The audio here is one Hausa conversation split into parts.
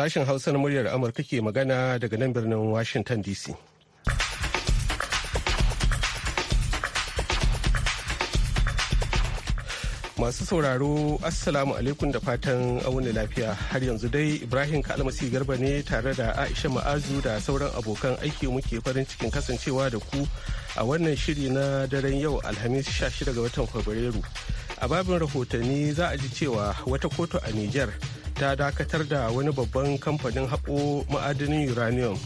Sashen Hausa na muryar Amurka ke magana daga nan birnin Washington DC. Masu sauraro, Assalamu alaikum da fatan auni lafiya. Har yanzu dai Ibrahim Kalmasi Garba ne tare da Aisha Ma'azu da sauran abokan aiki muke farin cikin kasancewa da ku a wannan shiri na daren yau Alhamis 16 ga watan Fabrairu. A babin rahotanni za a ji cewa wata kotu a Nijar. ta dakatar da wani babban kamfanin haƙo ma'adinin uranium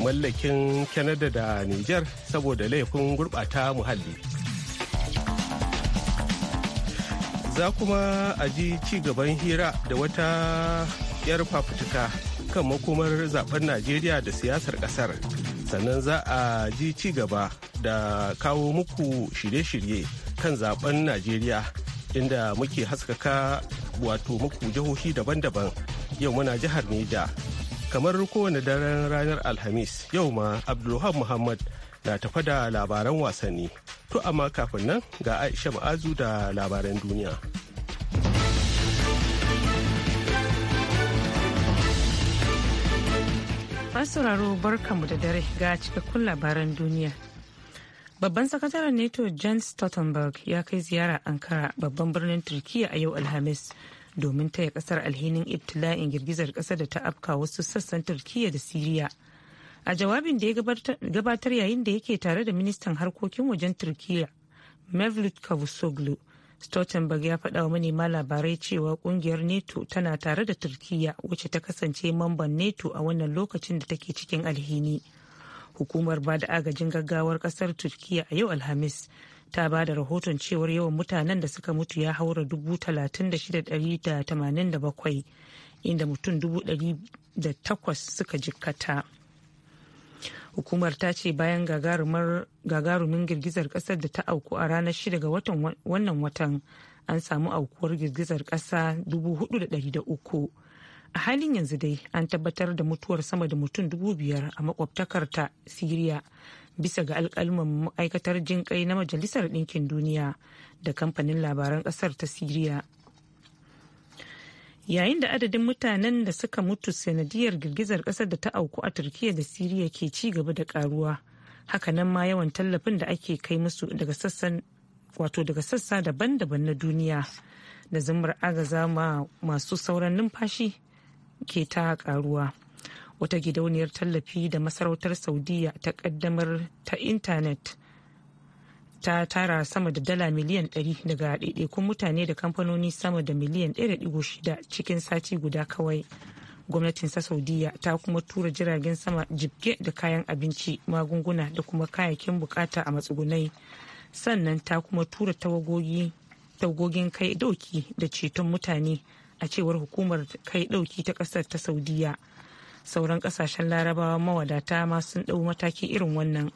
mallakin Canada da Niger saboda laifin gurɓata muhalli. Za kuma a ji ci gaban hira da wata 'yar fafutuka kan makomar zaben Najeriya da siyasar ƙasar. Sannan za a ji ci gaba da kawo muku shirye-shirye kan zaben Najeriya inda muke haskaka wato muku jihohi daban-daban yau muna jihar Neja. Kamar kowane daren ranar Alhamis yau ma Abdulwahab Muhammad na tafa da labaran wasanni. To amma kafin nan ga Aisha Ma'azu da labaran duniya. sauraro barkanmu da dare ga cikakkun labaran duniya Babban sakataren NATO Jens Stoltenberg ya kai ziyara Ankara babban birnin Turkiyya a yau Alhamis domin taya kasar alhinin ibtila'in girgizar kasa da ta afka wasu sassan Turkiyya da Siriya. A jawabin da ya gabatar yayin da yake tare da ministan harkokin wajen Turkiyya Mevlut Cavusoglu, Stoltenberg ya faɗa wa manema labarai cewa kungiyar NATO tana tare da Turkiyya wacce ta kasance mamban NATO a wannan lokacin da take cikin alhini. hukumar bada agajin gaggawar kasar turkiya a yau alhamis ta ba da rahoton cewar yawan mutanen da suka mutu ya haura 36,187 inda mutum takwas suka jikkata hukumar ta ce bayan gagarumin girgizar kasar da ta auku a ranar 6 ga wannan watan an samu aukuwar girgizar kasa 4,300 a halin yanzu dai an tabbatar da mutuwar sama da mutum dubu biyar a makwabtakar ta siriya bisa ga alkalman ma'aikatar jin na majalisar ɗinkin duniya da kamfanin labaran ƙasar ta siriya yayin da adadin mutanen da suka mutu sanadiyar girgizar ƙasar da ta auku a turkiya da siriya ke ci gaba da karuwa nan ma yawan tallafin da ake kai musu daga sassan wato daga sassa daban-daban na duniya da zumar agaza masu sauran numfashi ke ta karuwa wata gidauniyar tallafi da masarautar saudiya ta kaddamar ta intanet ta tara sama da dala miliyan 100 daga ɗaiɗaikun mutane da kamfanoni sama da miliyan 1.6 cikin sati guda kawai gwamnatin sa saudiya ta kuma tura jiragen sama jibge da kayan abinci magunguna da kuma kayakin bukata a matsugunai sannan ta kuma tura tawagogin kai dauki da ceton mutane a cewar hukumar kai dauki ta ƙasar ta saudiya sauran kasashen larabawa mawadata ma sun dau mataki irin wannan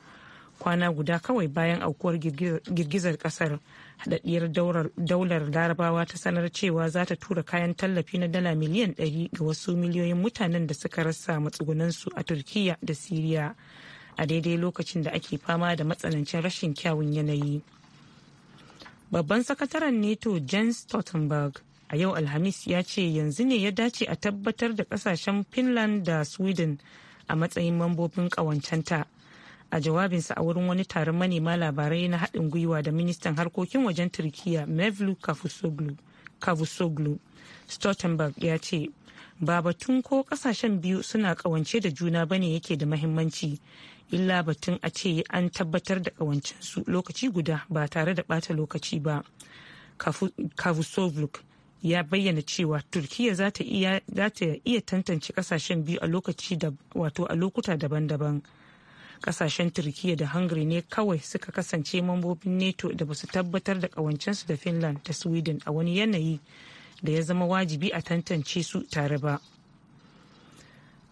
kwana guda kawai bayan aukuwar girgizar kasar hadaddiyar daular larabawa ta sanar cewa za ta tura kayan tallafi na dala miliyan 100 ga wasu miliyoyin mutanen da suka rasa matsugunansu a turkiya da siriya a daidai lokacin da ake fama da matsanancin rashin kyawun yanayi babban sakataren nato jens stoltenberg a yau alhamis ya ce yanzu ne ya dace a tabbatar da kasashen finland da sweden a matsayin mambobin kawancanta a jawabinsa a wurin wani taron manema labarai na haɗin gwiwa da ministan harkokin wajen turkiya mevlu kavusoglu stoltenberg ya ce ba batun ko kasashen biyu suna kawance da juna ba ne yake da mahimmanci illa batun a ce an tabbatar da ƙawancensu lokaci guda ba tare da bata lokaci ba kavusovluk ya bayyana cewa turkiya za ta iya tantance kasashen biyu a lokaci da wato a lokuta daban-daban kasashen turkiya da hungary ne kawai suka kasance mambobin nato da ba su tabbatar da kawancensu da finland da sweden a wani yanayi da ya zama wajibi a tantance su tare ba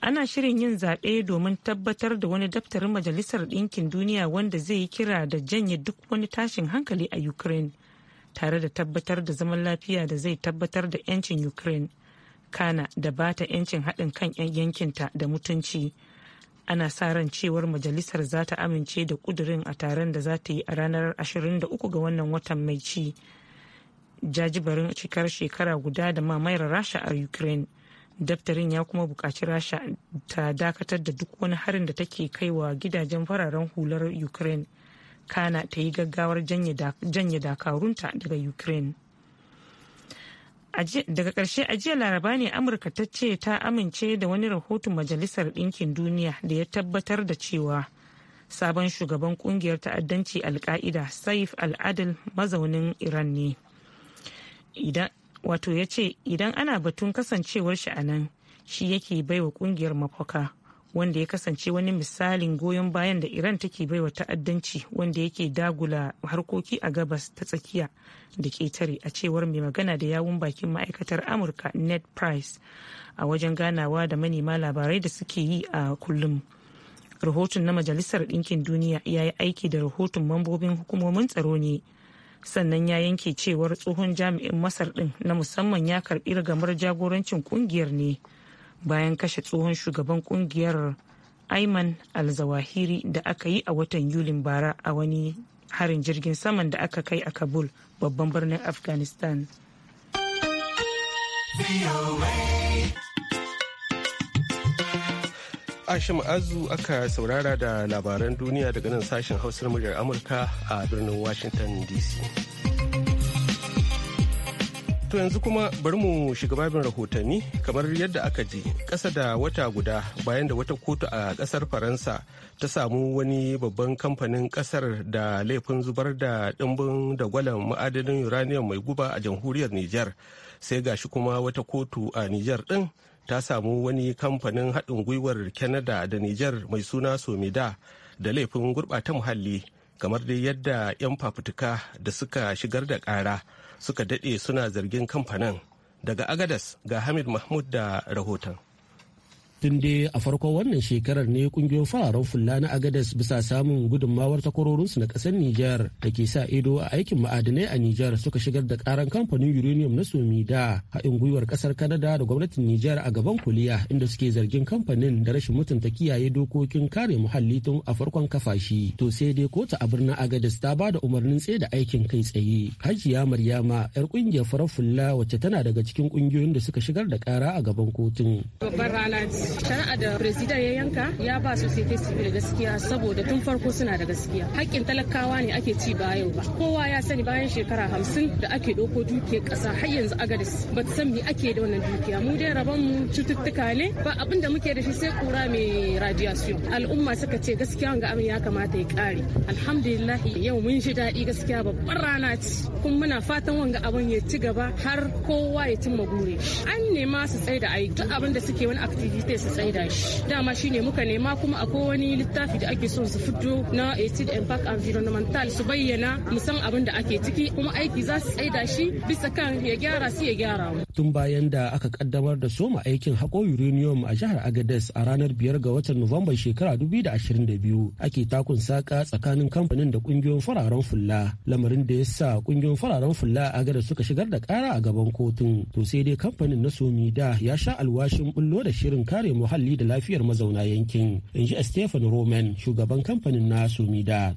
ana shirin yin zaɓe domin tabbatar da wani daftarin majalisar ɗinkin duniya wanda zai yi kira da janye duk wani tashin hankali a ukraine tare da tabbatar da zaman lafiya da zai tabbatar da 'yancin ukraine kana da bata 'yancin haɗin kan 'yan yankinta da mutunci ana sa ran cewar majalisar za ta amince da kudurin a taron da za ta yi a ranar 23 ga wannan watan mai ci jajibarin cikar shekara guda da mamayar rasha a ukraine daftarin ya kuma buƙaci rasha ta dakatar da duk wani harin da take kaiwa gidajen fararen hular ukraine kana ta yi gaggawar janye dakarunta daga ukraine daga ƙarshe a laraba ne amurka ta ce ta amince da wani rahoton majalisar ɗinkin duniya da ya tabbatar da cewa sabon shugaban kungiyar ta'addanci alka'ida saif al'adil mazaunin iran ne wato ya ce idan ana batun kasancewar shi a nan shi yake baiwa kungiyar mafaka wanda ya kasance wani misalin goyon bayan da iran take baiwa ta'addanci wanda yake dagula harkoki a gabas ta tsakiya da ketare a cewar mai magana da yawun bakin ma'aikatar amurka net price a wajen ganawa da manema labarai da suke yi a kullum rahoton na majalisar ɗinkin duniya ya yi aiki da rahoton mambobin hukumomin tsaro ne sannan ya yanke cewar tsohon jami'in masar ɗin na musamman ya karɓi rigamar jagorancin ƙungiyar ne. bayan kashe tsohon shugaban kungiyar Ayman al-Zawahiri da aka yi a watan Yulin bara a wani harin jirgin saman da aka kai a Kabul babban birnin Afghanistan. Ashim Azu aka saurara da labaran duniya daga nan sashen hausar muryar Amurka a birnin Washington DC. To yanzu kuma bari mu shiga babin rahotanni kamar yadda aka ji ƙasa da wata guda bayan da wata kotu a ƙasar Faransa ta samu wani babban kamfanin ƙasar da laifin zubar da ɗimbin gwalan ma'adanin uranium mai guba a jamhuriyar Nijar. Sai gashi kuma wata kotu a Nijar ɗin ta samu wani kamfanin haɗin gwiwar Canada da Nijar mai suna Somida da laifin gurɓata muhalli kamar dai yadda 'yan fafutuka da suka shigar da ƙara. suka daɗe suna zargin kamfanin daga agadas ga hamid mahmud da rahoton tun dai a farkon wannan shekarar ne kungiyoyin fararen fulla na agadas bisa samun gudunmawar takwarorinsu na kasar Nijar da ke sa ido a aikin ma'adinai a Nijar suka shigar da karan kamfanin uranium na sumida haɗin gwiwar kasar Kanada da gwamnatin Nijar a gaban kuliya inda suke zargin kamfanin da rashin mutunta kiyaye dokokin kare muhalli tun a farkon kafashi to sai dai kotu a birnin agadas ta ba da umarnin tsaye da aikin kai tsaye hajiya maryama yar kungiyar farar fulla wacce tana daga cikin kungiyoyin da suka shigar da kara a gaban kotun shari'a da president ya yanka ya ba society civil gaskiya saboda tun farko suna da gaskiya haƙƙin talakawa ne ake ci ba yau ba kowa ya sani bayan shekara hamsin da ake doko dukiyar ƙasa har yanzu agadis ba san me ake da wannan dukiya mu dai rabon mu cututtuka ne ba abin da muke da shi sai kura mai radiation al'umma suka ce gaskiya wanga abin ya kamata ya ƙare alhamdulillah yau mun ji daɗi gaskiya babbar rana ce kuma muna fatan wanga abin ya ci gaba har kowa ya cimma gure an nema su tsaye da aiki duk abin da suke wani activities su tsaida shi dama shine muka nema kuma akwai wani littafi da ake son su fito na acid impact environmental su bayyana musan abin da ake ciki kuma aiki za su tsaida shi bisa kan ya gyara su ya gyara mu tun bayan da aka kaddamar da soma aikin hako uranium a jihar agadez a ranar biyar ga watan nuwamban shekara 2022 ake takun saka tsakanin kamfanin da kungiyoyin fararen fulla lamarin da ya sa kungiyoyin fararen fulla a agadez suka shigar da kara a gaban kotun to sai dai kamfanin na somi da ya sha alwashin bullo da shirin kare kare muhalli da lafiyar mazauna yankin in ji stephen roman shugaban kamfanin na sumida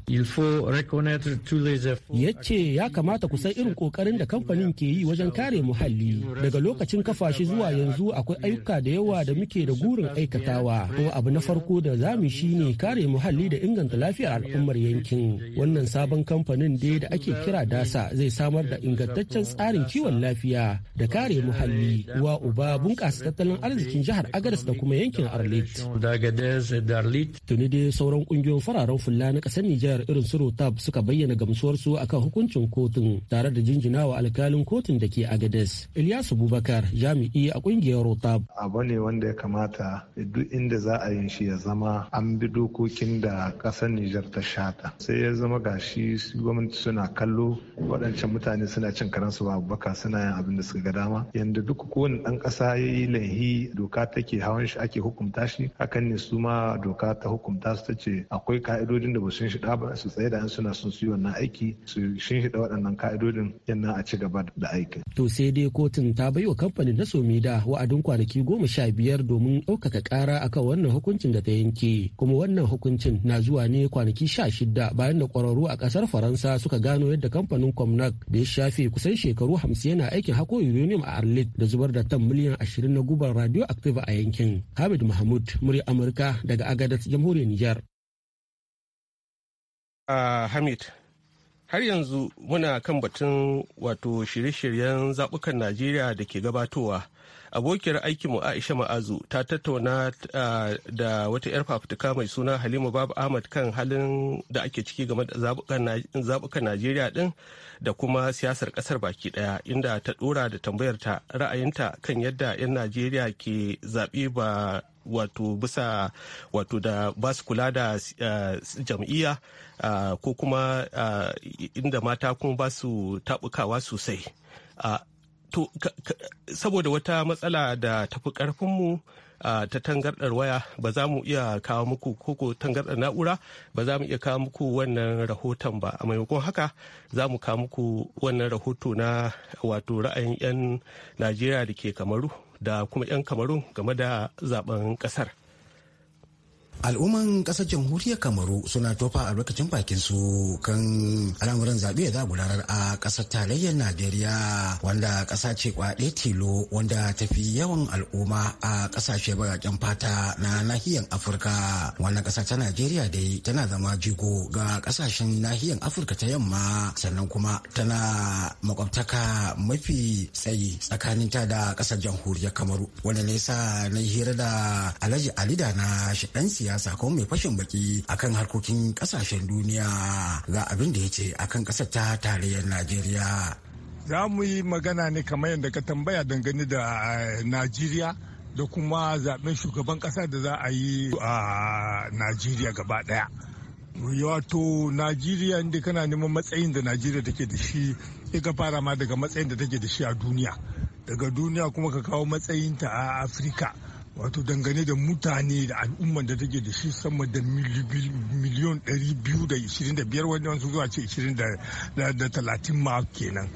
ya ce ya kamata ku san irin kokarin da kamfanin ke yi wajen kare muhalli daga lokacin kafa shi zuwa yanzu akwai ayyuka da yawa da muke da gurin aikatawa kuma abu na farko da za mu shi ne kare muhalli da inganta lafiyar al'ummar yankin wannan sabon kamfanin dai da ake kira dasa zai samar da ingantaccen tsarin kiwon lafiya da kare muhalli wa uba bunƙasa tattalin arzikin jihar agadas da kuma yankin Arlit. Tuni dai sauran kungiyoyin fararen fulla na kasar Nijar irin su Rotab suka bayyana gamsuwarsu akan hukuncin kotun tare da jinjinawa alkalin kotun da ke Agades. Ilyas Abubakar jami'i a kungiyar Rotab. Abu ne wanda ya kamata duk inda za a yin shi ya zama an bi dokokin da kasar Nijar ta shata. Sai ya zama gashi gwamnati suna kallo waɗancan mutane suna cin karansu ba abubakar suna yin abin da suka ga dama. Yanda duk kowane ɗan kasa yayi yi laihi doka take hawan shi ake hukunta shi hakan ne su ma doka ta hukunta su ta ce akwai ka'idodin da ba sun shida ba su tsaye da an suna sun su yi wannan aiki su shi shida waɗannan ka'idodin yana a ci gaba da aiki. To sai dai kotun ta bai wa kamfanin na Somida wa'adin kwanaki goma sha biyar domin ɗaukaka ƙara akan wannan hukuncin da ta yanke kuma wannan hukuncin na zuwa ne kwanaki sha shida bayan da ƙwararru a ƙasar Faransa suka gano yadda kamfanin Comnac da ya shafe kusan shekaru hamsin yana aikin hako uranium a Arlit da zubar da tan miliyan ashirin na gubar radioactive a yankin. Habib Hamid Mahmud, murya Amurka daga Agadez, Jamhuriyar Nijar. Uh, Hamid, har yanzu muna kan batun wato shirye-shiryen zabukan najeriya da ke gabatowa abokiyar aikinmu aisha ma'azu ta tattauna ah, da wata 'yar fafutuka mai suna halima babu ahmad kan halin da ake ciki game da zabukan najeriya din da kuma siyasar ƙasar baki ɗaya inda ta dora da tambayarta ra'ayinta kan yadda 'yan najeriya ke zaɓe ba wato bisa wato da ba su kula da eh, jam'iyya eh, ko kuma eh, inda mata kuma ba su taɓukawa sosai ah, saboda wata matsala da tafi ƙarfinmu Uh, ah, ta tangardar waya ba za mu iya kawo muku koko tangardar na'ura ba za mu iya kawo muku wannan rahoton ba a maimakon haka za mu kawo muku wannan rahoto na wato ra'ayin 'yan najeriya da ke kamaru da kuma 'yan kamarun game da zaben kasar al'umman kasar jamhuriyar kamaru suna tofa a albarkacin bakin su kan al'amuran zaɓe za gudanar a ƙasar tarayyar najeriya wanda ƙasa ce kwaɗe tilo wanda tafi yawan al'umma a ƙasashe baraƙen fata na nahiyar afirka wannan ƙasa ta najeriya dai tana zama jigo ga ƙasashen nahiyar afirka ta yamma sannan kuma tana makwabtaka mafi tsayi tsakanin ta da ƙasar jamhuriyar kamaru wanda nesa na hira da alhaji alida na shi siyasa ko mai fashin baki akan harkokin kasashen duniya ga abin da ya ce akan kasar ta tarayyar najeriya za mu yi magana ne kamar yadda ka tambaya dangane da eh, najeriya da kuma zaben shugaban kasa da za a yi a najeriya gaba daya wato najeriya inda kana neman matsayin da najeriya take da shi ka fara ma daga matsayin da take da shi a duniya daga duniya kuma ka kawo matsayin ta a afirka wato dangane da mutane da al'ummar da take da shi sama da miliyan 225 wanda wasu zuwa ce 20 da 30 ma kenan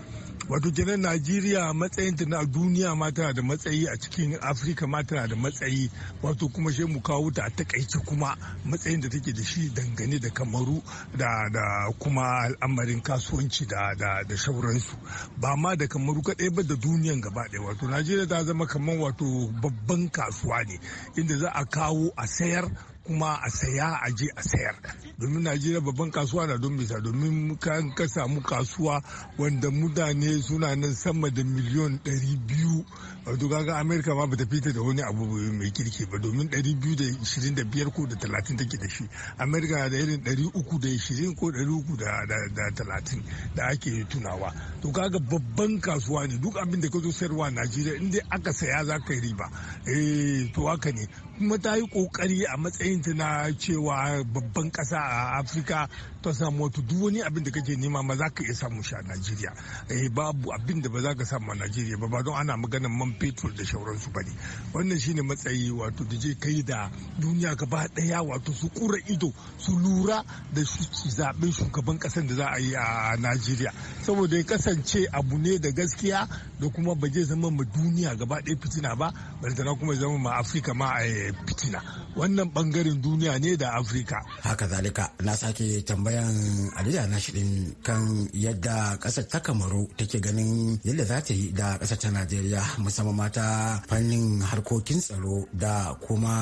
wato kenan najeriya matsayinta na duniya ma tana da matsayi a cikin afirka ma tana da matsayi wato kuma shi mu kawo ta a takaice kuma matsayin da take da shi dangane da kamaru da da kuma al'amarin kasuwanci da da da shauransu ba ma da kamaru kadai ba da duniyan gaba ɗaya wato najeriya ta zama kamar wato babban kasuwa ne inda za a kawo a sayar kuma a saya a je a sayar domin najeriya babban kasuwa na don bisa domin kan ka samu kasuwa wanda mutane suna nan sama da miliyon 200 wato kaga amerika ma bata fita da wani abu mai kirki ba domin 225 ko da 30 take da shi amerika da irin 320 ko 330 da ake tunawa to kaga babban kasuwa ne duk abin da ka zo sayarwa najeriya in dai aka saya za ka yi riba eh to haka ne kuma ta yi kokari a matsayin ta na cewa babban kasa a afirka ta samu wato duk wani abin da kake nema ma za ka iya samu shi a najeriya eh, babu abin da ba za ka samu a najeriya ba ba don ana maganar man fetur da shauransu ba ne wannan shine matsayi wato da je kai da duniya gaba daya wato su kura ido su lura da zaben shugaban kasar da za a yi a najeriya saboda ya kasance abu ne da gaskiya da kuma ba zai zama ma duniya gaba daya fitina ba balantana kuma ya zama ma afirka ma a eh, fitina wannan bangaren duniya ne da afirka haka zalika na sake tambayan alida na shirin kan yadda kasar ta kamaru take ganin yadda za ta yi da kasar ta najeriya musamman mata fannin harkokin tsaro da kuma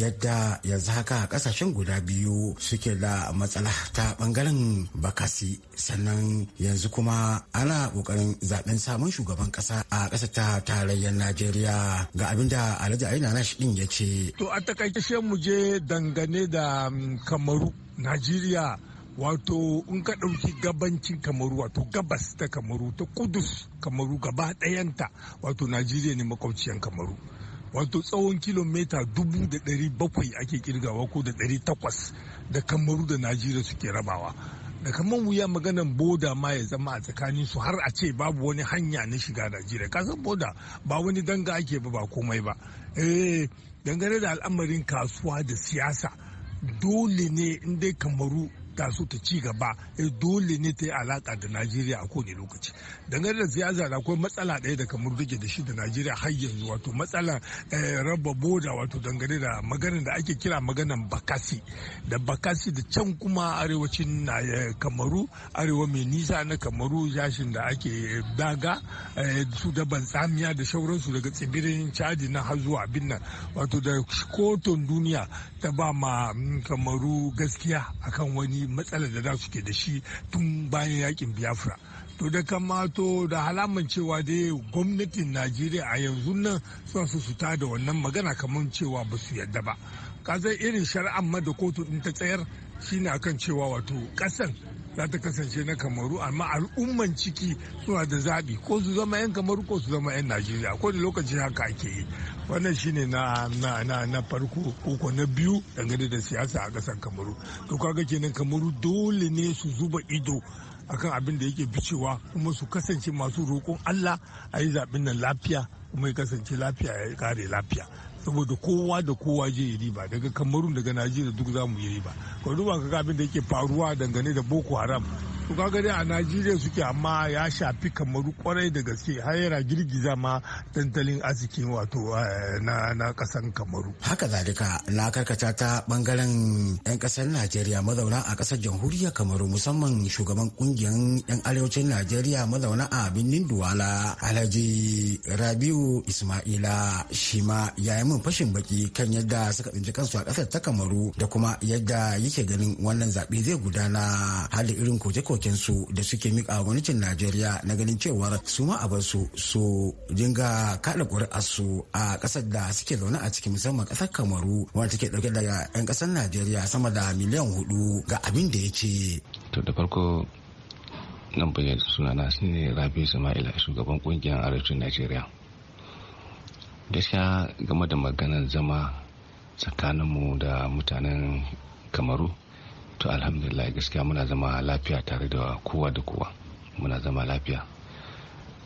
yadda yanzu haka kasashen guda biyu suke da matsala ta bangaren bakasi sannan yanzu kuma ana kokarin zaben samun shugaban kasa a kasar ta tarayyar najeriya ga abinda alhaji aina na shirin ya ce ce. Eh. To a takaice mu je dangane da mm, kamaru Najeriya wato in ka ɗauki gabancin kamaru wato gabas ta kamaru ta kudus kamaru gaba ɗayanta wato najeriya ne makwabciyan kamaru wato tsawon kilomita dubu da ɗari bakwai ake kirgawa ko da ɗari takwas da kamaru da najeriya suke rabawa da kamar wuya maganan boda ma ya zama a tsakanin su har a ce babu wani hanya na shiga najeriya kasan boda ba wani danga ake ba ba komai ba eh dangane da al'amarin kasuwa da siyasa dole ne in dai kamaru ta so ta ci gaba eh, dole ne ta yi alaka da najeriya a kowane lokaci dangane da siyasa da akwai matsala ɗaya da kamar rike da shi da najeriya har yanzu wato matsala eh, raba boda wato dangane da maganar da ake kira maganar bakasi da bakasi da can kuma arewacin na eh, kamaru arewa mai nisa na kamaru yashin da ake daga su da tsamiya da shauransu daga tsibirin caji na har zuwa abin nan wato da kotun duniya ta ba ma mm, kamaru gaskiya akan wani matsalar da za su ke da shi tun bayan yakin biafra to da kamato da halaman cewa dai gwamnatin najeriya a yanzu nan su su suta da wannan magana kamar cewa ba su yadda ba kazan irin shari'an ma da kotu in ta tsayar shine akan cewa wato kasan za ta kasance na kamaru amma al'umman ciki suna da zaɓi ko su zama 'yan kamaru ko su zama 'yan najeriya ko da lokacin haka ake yi wannan shine na na na na farko ko na biyu dangane da siyasa a ƙasar kamaru to kaga kenan kamaru dole ne su zuba ido akan abin da yake bicewa kuma su kasance masu roƙon allah a yi zaɓen nan lafiya kuma ya kasance lafiya ya kare lafiya saboda kowa da kowa je yi riba daga kamarun daga najeriya duk za mu yi riba ka duba ka abin da yake faruwa dangane da boko haram to kaga dai a najeriya suke amma ya shafi kamaru kwarai da gaske har yana girgiza ma tantalin arzikin wato eh, na kasan kamaru haka zalika na karkata ta bangaren yan kasar najeriya mazauna a kasar jamhuriyar kamaru musamman shugaban kungiyar yan arewacin najeriya mazauna a birnin duwala alhaji rabiu ismaila shi ma ya yi min fashin baki kan yadda suka tsinci kansu a kasar ta kamaru da kuma yadda yake ganin wannan zaɓe zai gudana hali irin koje-koje koke su da suke mika gwamnatin najeriya na ganin cewar su ma a su su dinga kada su a ƙasar da suke zaune a cikin musamman ƙasar kamaru wanda take ɗauke da 'yan ƙasar najeriya sama da miliyan hudu ga abin da ya ce to da farko nan bayyana sunana ne rabi sama'ila shugaban kungiyar arewacin najeriya gaskiya game da maganar zama tsakaninmu da mutanen kamaru to alhamdulillah gaskiya muna zama lafiya tare da kowa da kowa muna zama lafiya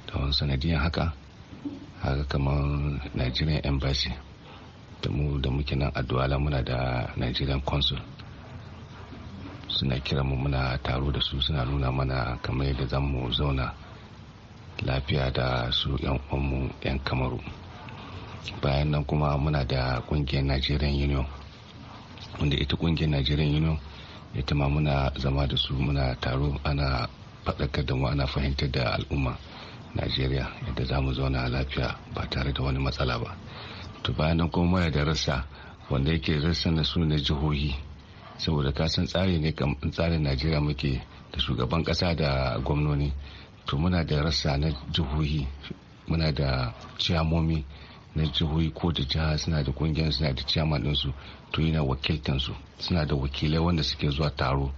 da wani sanadiyan haka haka kamar nigerian embassy da mu da muke nan a duwala muna da nigerian consul suna kira mu muna taro da su suna nuna mana kamar yadda za mu zauna lafiya da su yan uwanmu yan kamaru bayan nan kuma muna da kungiyar nigerian union wanda ita kungiyar nigerian union ita ma muna zama da su muna taro ana faɗakar da mu ana fahimtar da al'umma najeriya yadda za mu zauna lafiya ba tare da wani matsala ba to bayan nan kuma maya da rassa wanda yake rassa na su na jihohi saboda ka san tsari ne tsarin najeriya muke da shugaban ƙasa da gwamnoni to muna da rassa na jihohi muna da ciyamomi na jihohi ko da jiha suna da kungiyar suna da ciyama dinsu to yana wakiltan su suna da wakilai wanda suke zuwa taro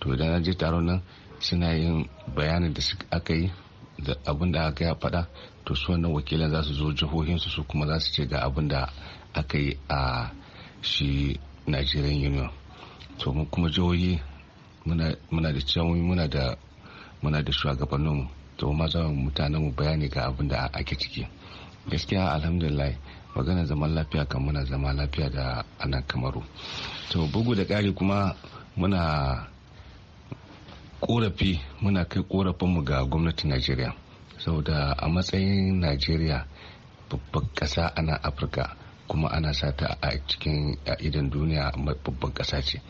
to idan na je taron nan suna yin bayanin da aka yi da abin da aka yi a faɗa to su wannan wakilan za su zo jihohinsu su kuma za su ce ga abin da aka yi a shi nigerian union to mu kuma jihohi muna da ciyawoyi muna da muna da shugabanninmu to ma za mu mutanenmu bayani ga abin da ake ciki gaskiya alhamdulillah magana zaman lafiya kan muna zama lafiya da ana kamaru to bugu da ƙari kuma muna korafi muna kai korafinmu ga gwamnatin najeriya saboda a matsayin najeriya babban ƙasa ana afirka kuma ana sata a cikin idan duniya babban ƙasa ce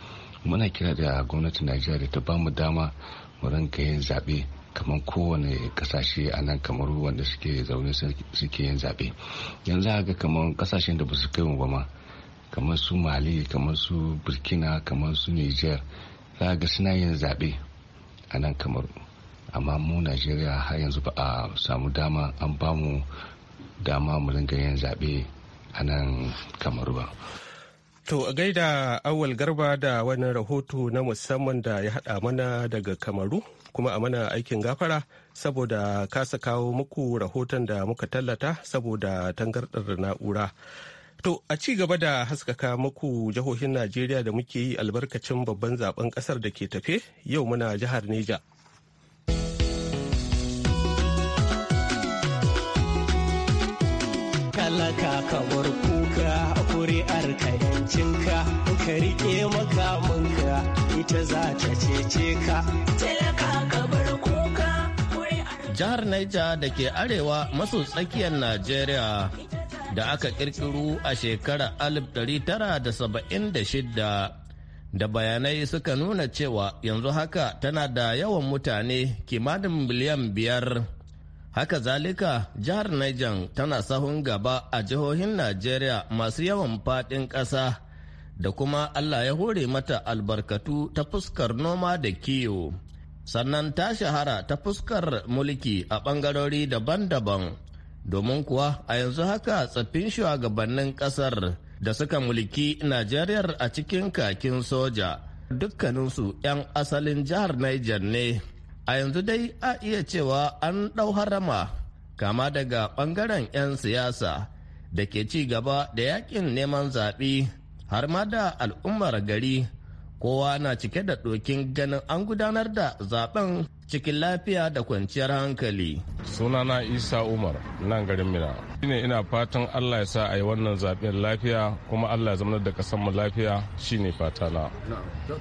muna kira da gwamnatin najeriya da ta bamu dama mu rinka yin zaɓe kamar kowane kasashe a nan kamar wanda suke zaune suke yin zaɓe yanzu ga kamar kasashen da ba su kai ba ma kamar su mali kamar su burkina kamar su niger za ga suna yin zaɓe a nan kamar amma mu najeriya har yanzu ba a samu dama an ba mu dama mu ringa yin zaɓe a nan kamaru ba To a gaida awal garba da wani rahoto na musamman da ya haɗa mana daga Kamaru kuma a mana aikin gafara saboda kasa kawo muku rahoton da muka tallata saboda tangarɗar na'ura. To a ci gaba da haskaka muku jihohin Najeriya da muke yi albarkacin babban zaben kasar da ke tafe yau muna jihar Neja. Kalaka kamar kuka kuri'ar ka yancinka ka riƙe makamanka ita za ta cece ka. Jihar Naija da ke arewa maso tsakiyar Najeriya da aka kirkiru a shekarar 1976 da bayanai suka nuna cewa yanzu haka tana da yawan mutane kimanin miliyan biyar. Haka zalika jihar Niger tana sahun gaba a jihohin Najeriya masu yawan faɗin ƙasa. da kuma Allah ya hore mata albarkatu ta fuskar noma da kiwo. Sannan ta shahara ta fuskar mulki a ɓangarori daban-daban, domin kuwa a yanzu haka tsaffin shugabannin ƙasar da suka mulki Najeriyar a cikin kakin soja, dukkaninsu 'yan asalin jihar Niger ne. a yanzu dai a iya cewa an ɗau harama kama daga ɓangaren 'yan siyasa da ke ci gaba da yakin neman zaɓe har ma da al'ummar gari kowa na cike da dokin ganin an gudanar da zaben cikin lafiya da kwanciyar hankali sunana isa umar nan garin mina shine ina fatan Allah ya sa a yi wannan zaben lafiya kuma Allah ya zama da kasan mu lafiya shine fata na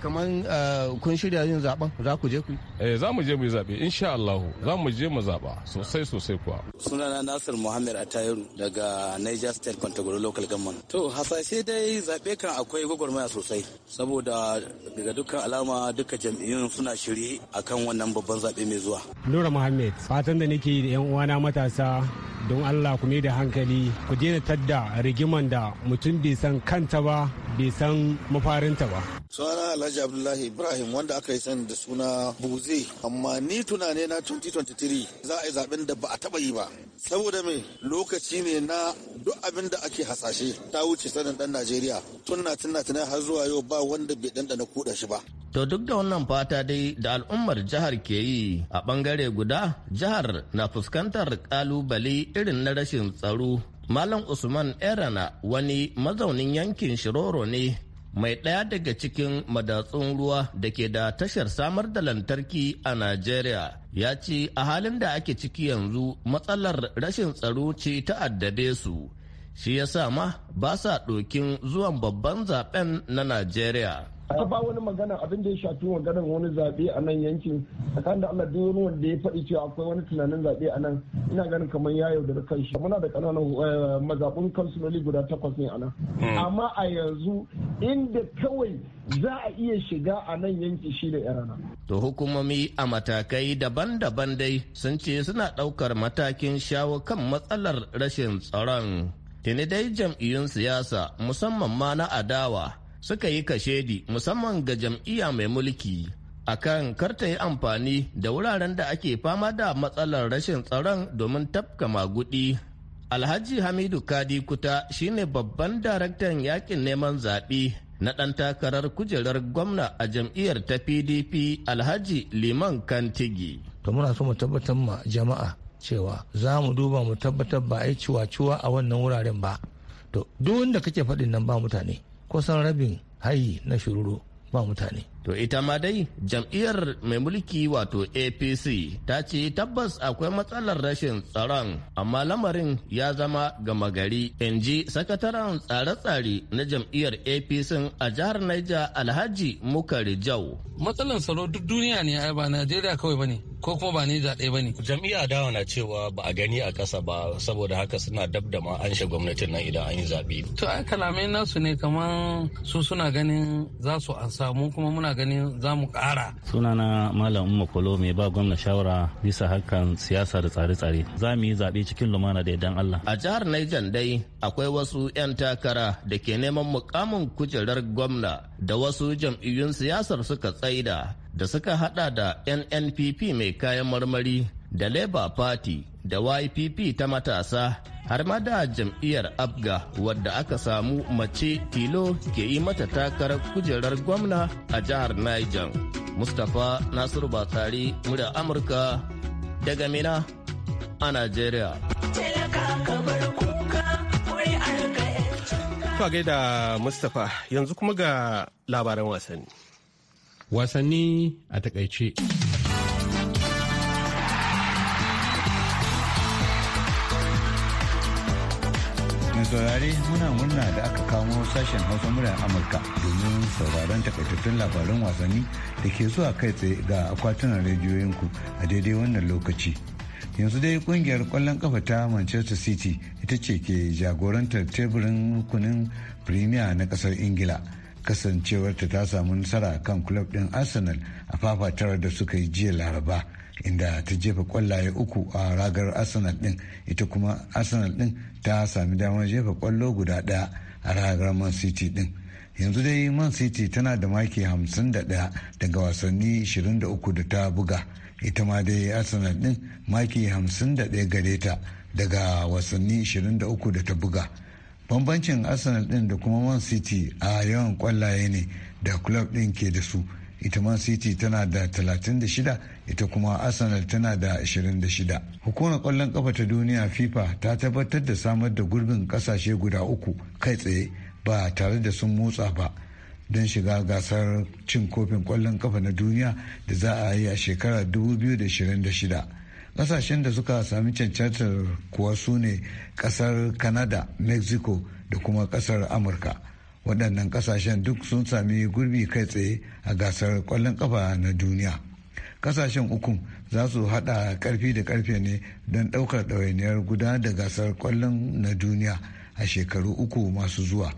kamar eh, kun shirya yin zaben za ku je ku eh za mu je mu yi zabe insha Allah za mu je mu zaba sosai sosai kuwa sunana Nasir Muhammad Atayiru daga Niger State Kwantagoro Local Government to hasashe dai zabe kan akwai gwagwarmaya sosai saboda daga dukkan alama duka jam'iyyun suna shiri akan wannan babban zabe mai zuwa Nura Muhammad fatan da nake yi da yan uwana matasa don Allah ku da da hankali ku daina tadda rigiman da mutum bai san kanta ba bai san mafarinta ba suna alhaji abdullahi ibrahim wanda aka yi sani da suna buze amma ni tunane na 2023 za a yi zaben da ba a taba yi ba saboda mai lokaci ne na duk abin da ake hasashe ta wuce sanin dan najeriya tun na tunatunai har zuwa yau ba wanda bai dandana kuɗa shi ba To duk da wannan fata dai da al'ummar jihar ke yi a bangare guda jihar na fuskantar kalubale irin na rashin tsaro. Malam Usman Erana wani mazaunin yankin Shiroro ne mai ɗaya daga cikin madatsun ruwa da ke da tashar samar da lantarki a Najeriya ya ce a halin da ake ciki yanzu matsalar rashin tsaro ce ta su. Shi ya sa ma ba sa ɗokin zuwan babban zaben na Najeriya. aka ba wani magana abin da ya shafi maganar wani zaɓe a nan yankin tsakanin da Allah duk wanda ya faɗi cewa akwai wani tunanin zaɓe a nan ina ganin kamar ya yaudara kan shi muna da ƙananan eh, mazaɓun kansuloli guda takwas ne a nan hmm. amma a yanzu inda kawai za a iya shiga a nan yanki shi da yarana. To hukumomi a matakai daban-daban dai sun ce suna ɗaukar matakin shawo kan matsalar rashin tsaron. Tini dai jam'iyyun siyasa musamman ma na adawa suka yi kashedi musamman ga jam'iyya mai mulki akan karta yi amfani da wuraren da ake fama da matsalar rashin tsaron domin tafka magudi alhaji hamidu kadi kuta shine babban daraktan yakin neman zaɓe na ɗan takarar kujerar gwamna a jam'iyyar ta pdp alhaji liman kantigi to muna so mu tabbatar ma jama'a cewa za mu duba mu tabbatar ba a yi ciwa-ciwa a wannan wuraren ba to duk wanda kake faɗin nan ba mutane kusan rabin hayi na shururu ba mutane. To ita ma dai jam'iyyar mai mulki wato APC ta ce tabbas akwai matsalar rashin tsaron amma lamarin ya zama gama gari. In ji sakataren tsare-tsare na jam'iyyar APC a jihar Niger Alhaji Mukari Jau. Matsalar tsaro duk duniya ne ai ba Najeriya kawai bane. ko kuma ba ni zaɓe ba ne. jam'iyya dawa na cewa ba a gani a ƙasa ba saboda haka suna dab da ma gwamnatin nan idan an yi zaɓe. to ai kalamai nasu ne kamar su suna ganin za su an samu kuma muna ganin za mu ƙara. sunana malam umma kolo mai ba gwamna shawara bisa hakan siyasa da tsare-tsare za mu yi zaɓe cikin lumana da idan allah. a jihar niger dai akwai wasu 'yan takara da ke neman mukamin kujerar gwamna da wasu jam'iyyun siyasar suka tsaida da suka hada da nnpp mai kayan marmari da labour party da ypp ta matasa har ma da jam'iyyar abga wadda aka samu mace tilo ke yi mata takarar kujerar gwamna a jihar niger mustapha nasiru batari murya amurka daga mina a nigeria To gaida Mustapha yanzu kuma ga labaran wasanni. wasanni a takaice. mai saurare muna murna da aka kamo sashen hausa muryar amurka domin sauraron takaitattun labaran wasanni da ke zuwa kai tsaye ga akwatunan rediyoyinku a daidai wannan lokaci yanzu dai kungiyar kwallon kafa ta manchester city ita ce ke jagorantar teburin rukunin premier na kasar ingila kasancewarta ta samu nasara kan club din arsenal a fafatar da suka yi jiya laraba inda ta jefa kwallaye uku a ragar arsenal din ita kuma arsenal din ta sami damar jefa kwallo guda daya a ragar man city din yanzu dai man city tana da maki 51 daga wasanni 23 da ta buga ita ma dai arsenal din maki 51 gare ta daga wasanni 23 da ta buga bambancin arsenal din da kuma man city a yawan kwallaye ne da club din ke da su ita man city tana da 36 ita kuma arsenal tana da 26 hukumar kwallon kafa ta duniya fifa ta tabbatar da samar da gurbin kasashe guda uku kai tsaye ba tare da sun motsa ba don shiga gasar cin kofin kwallon kafa na duniya da za a yi a shekara 2026 kasashen da suka sami cancantar kuwa su ne kasar kanada mexico da kuma kasar amurka waɗannan kasashen duk sun sami gurbi kai tsaye a gasar kwallon ƙafa na duniya kasashen uku za su haɗa ƙarfi da karfe ne don ɗaukar ɗawainiyar guda da gasar kwallon na duniya a shekaru uku masu zuwa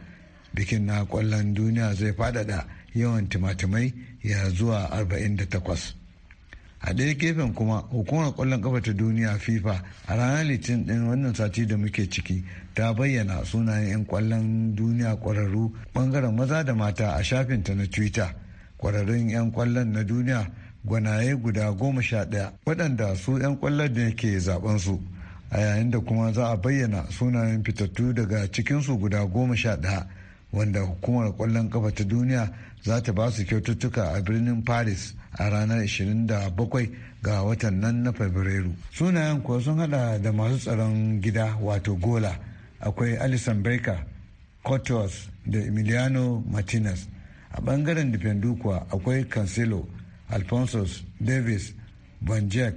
bikin na ƙwallon duniya zai faɗaɗa yawan timatimai ya zuwa 48 a ɗaya gefen kuma hukumar kwallon kafa ta duniya fifa a ranar litinin din wannan sati da muke ciki ta bayyana sunayen 'yan kwallon duniya kwararru ɓangaren maza da mata a shafinta na twitter kwararrun 'yan kwallon na duniya gwanaye guda goma sha ɗaya waɗanda su 'yan kwallon ne ke zaben su a yayin da kuma za a bayyana sunayen fitattu daga cikinsu guda goma sha ɗaya wanda hukumar kwallon kafa ta duniya za ta ba su kyaututtuka a birnin paris a ranar 27 ga watan nan na fabrairu sunayen kuwa sun hada da masu tsaron gida wato gola akwai alison baker cotos da emiliano martinez a bangaren defendu kuwa akwai cancelo alfonso davis van jack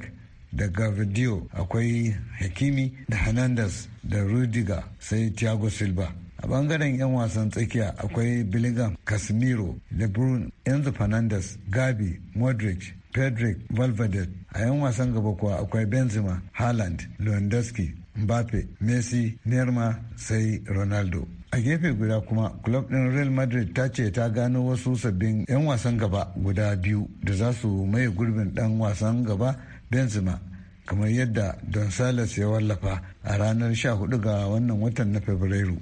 da gavidio akwai hakimi da hernandez da rudiger sai thiago silva a bangaren 'yan wasan tsakiya akwai billingham casemiro lebrun enzo fernandez gabi modric Pedrick Valverde a 'yan wasan gaba kuwa akwai Benzema, Haaland, Lewandowski, Mbappe, Messi, nerma sai Ronaldo. A gefe guda kuma, club din Real Madrid ta ce ta gano wasu sabbin 'yan wasan gaba guda biyu da za su maye gurbin dan wasan gaba Benzema. kamar yadda Don Salas ya wallafa a ranar 14 ga wannan watan na Fabrairu.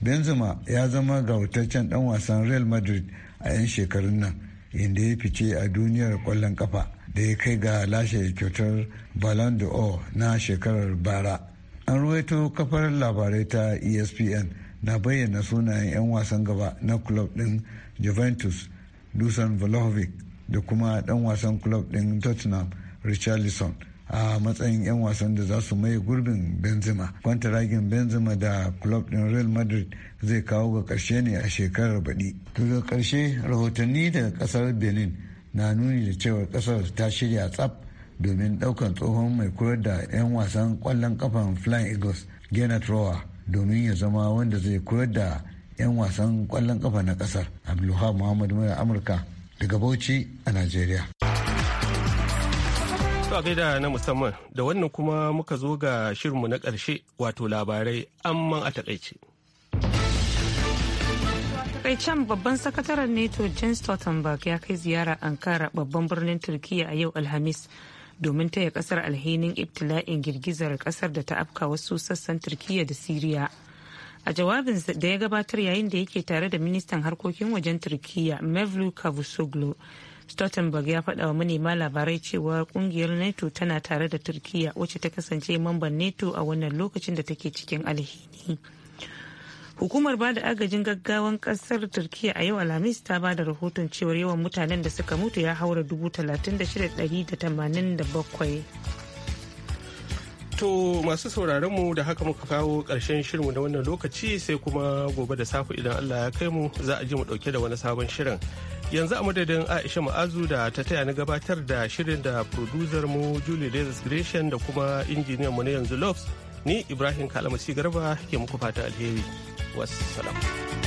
benzema ya zama gautaccen dan wasan real madrid a 'yan shekarun nan inda ya fice a duniyar kwallon kafa da ya kai ga lashe kyautar ballon d'or na shekarar bara an ruwaito kafar labarai ta espn na bayyana sunayen 'yan wasan gaba na club din juventus dusan volovic da kuma dan wasan club din tottenham richarlison a matsayin 'yan wasan da za su maye gurbin benzema kwantaragin benzema da club din real madrid zai kawo ga karshe ne a shekarar baɗi to daga karshe rahotanni daga kasar benin na nuni da cewar kasar ta shirya tsaf domin ɗaukar tsohon mai koyar da 'yan wasan ƙwallon kafan flying eagles gennett rowa domin ya zama wanda zai koyar da 'yan wasan ƙwallon kafa na kasar Abdullahi muhammad mai amurka daga bauchi a najeriya To gaida na musamman da wannan kuma muka zo ga shirinmu na ƙarshe wato labarai amma a takaice. takaicen babban sakataren nato jens stoltenberg ya kai ziyara ankara babban birnin turkiyya a yau alhamis domin taya kasar alhinin ibtila'in girgizar kasar da ta afka wasu sassan turkiyya da siriya a jawabin da ya gabatar yayin da yake tare da ministan harkokin wajen turkiyya mevlu cavusoglu stoltenberg ya faɗa wa manema labarai cewa kungiyar nato tana tare da turkiya wacce ta kasance mamban nato a wannan lokacin da take cikin alhini hukumar ba da agajin gaggawan kasar turkiya a yau alhamis ta ba da rahoton cewar yawan mutanen da suka mutu ya haura 36,187 To masu sauraron da haka muka kawo ƙarshen shirinmu na wannan lokaci sai kuma gobe da safe idan Allah ya kai mu za a ji mu ɗauke da wani sabon shirin. yanzu a madadin aisha ma'azu da ta taya na gabatar da shirin da producer mu julie davis gresham da kuma injiniyan mu na yanzu lofs ni ibrahim kalamasi garba ke muku fata alheri wassalam.